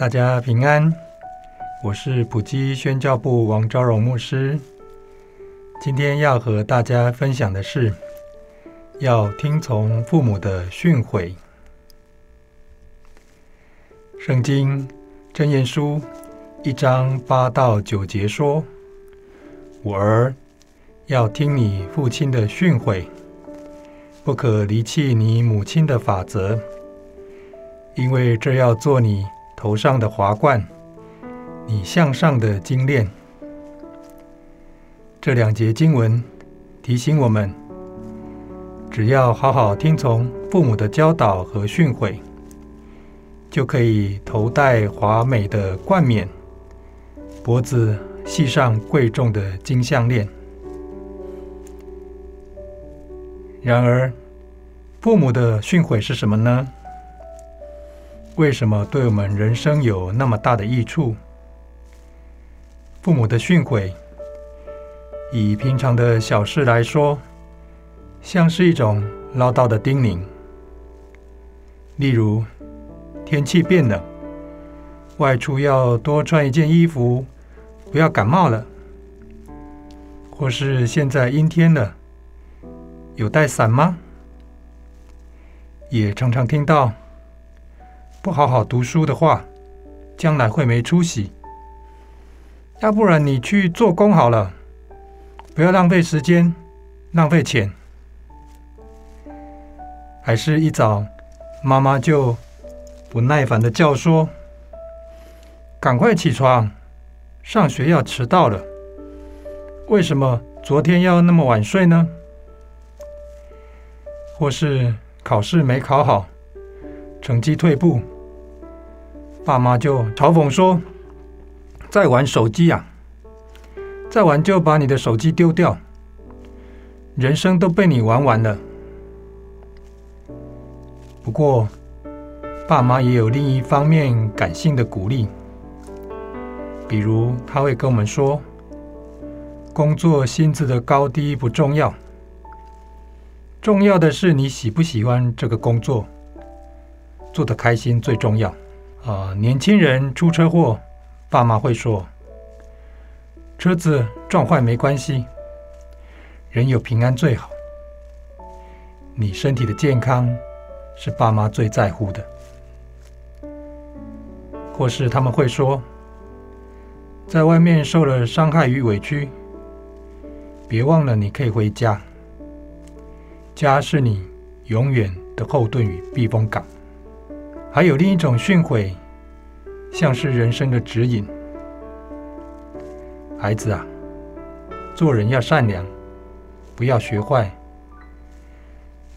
大家平安，我是埔基宣教部王昭榮牧師。今天要和大家分享的是，要聽從父母的訓誨。聖經箴言書一章八到九節說：“我兒，要聽你父親的訓誨，不可離棄你母親的法則，因為這要作你。”頭上的華冠，你項上的金鏈。這兩節經文提醒我們：只要好好聽從父母的教導和訓誨，就可以頭戴華美的冠冕，脖子繫上貴重的金項鏈。然而，父母的訓誨是什麼呢？為什麼對我們人生有那麼大的益處？父母的訓誨，以平常的小事來說，像是一種嘮叨的叮嚀。例如，天氣變了，外出要多穿一件衣服，不要感冒了；或是現在陰天了，有帶傘嗎？也常常聽到。不好好讀書的話，將來會沒出息。要不然你去做工好了，不要浪費時間、浪費錢。還是，一早媽媽就不耐煩的叫說：“趕快起床，上學要遲到了。”為什麼昨天要那麼晚睡呢？或是考試沒考好？成績退步，爸媽就嘲諷說：“再玩手機呀、啊，再玩就把你的手機丟掉，人生都被你玩完了。”不過，爸媽也有另一方面感性的鼓勵，比如他會跟我們說：“工作薪資的高低不重要，重要的是你喜不喜歡這個工作。”做得開心最重要，啊、呃，年輕人出車禍，爸媽會說：車子撞壞沒關係，人有平安最好。你身體的健康是爸媽最在乎的，或是他們會說：在外面受了傷害與委屈，別忘了你可以回家，家是你永遠的後盾與避風港。還有另一種訓誨，像是人生的指引。孩子啊，做人要善良，不要學壞。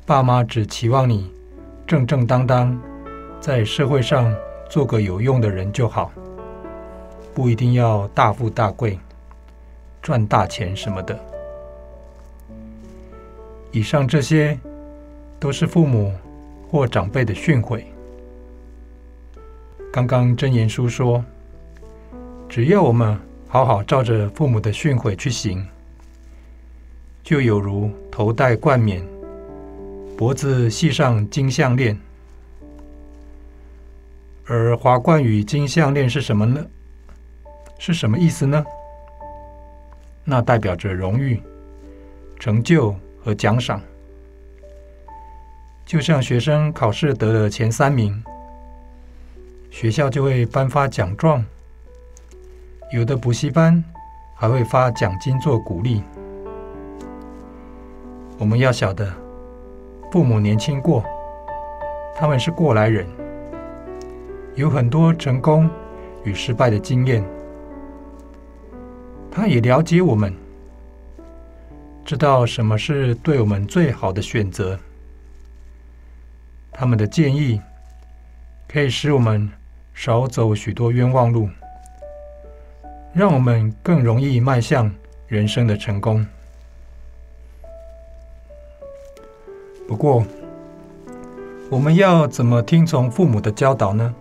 爸媽只期望你正正當當，在社會上做個有用的人就好，不一定要大富大貴、賺大錢什麼的。以上這些都是父母或長輩的訓誨。剛剛箴言書說，只要我們好好照着父母的訓誨去行，就有如頭戴冠冕，脖子繫上金項鏈而華冠與金項鏈是什麼呢？是什麼意思呢？那代表着榮譽、成就和獎賞，就像學生考試得了前三名。學校就會頒發獎狀，有的補習班還會發獎金做鼓勵。我們要曉得，父母年輕過，他們是過來人，有很多成功與失敗的經驗。他也了解我們，知道什麼是對我們最好的選擇。他們的建議可以使我們，少走許多冤枉路，讓我們更容易邁向人生的成功。不過，我們要怎麼聽從父母的教導呢？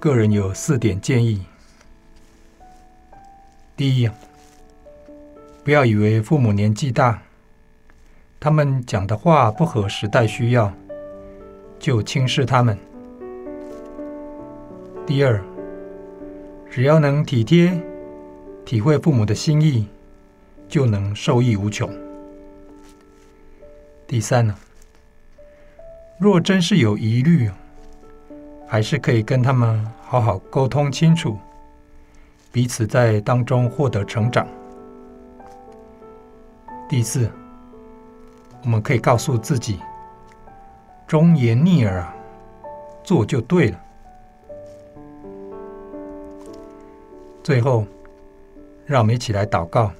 個人有四點建議。第一，不要以為父母年紀大，他們講的話不合時代需要，就輕視他們。第二，只要能體貼、體會父母的心意，就能受益無窮。第三呢，若真是有疑慮，還是可以跟他們好好溝通清楚，彼此在當中獲得成長。第四，我們可以告訴自己：“忠言逆耳啊，做就對了。”最後，讓我們一起來禱告。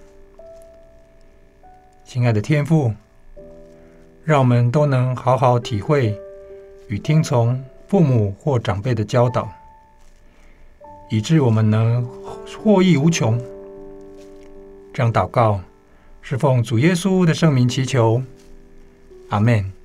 親愛的天父，讓我們都能好好體會與聽從父母或長輩的教導，以致我們能獲益無窮。這樣禱告是奉主耶穌的聖名祈求，阿門。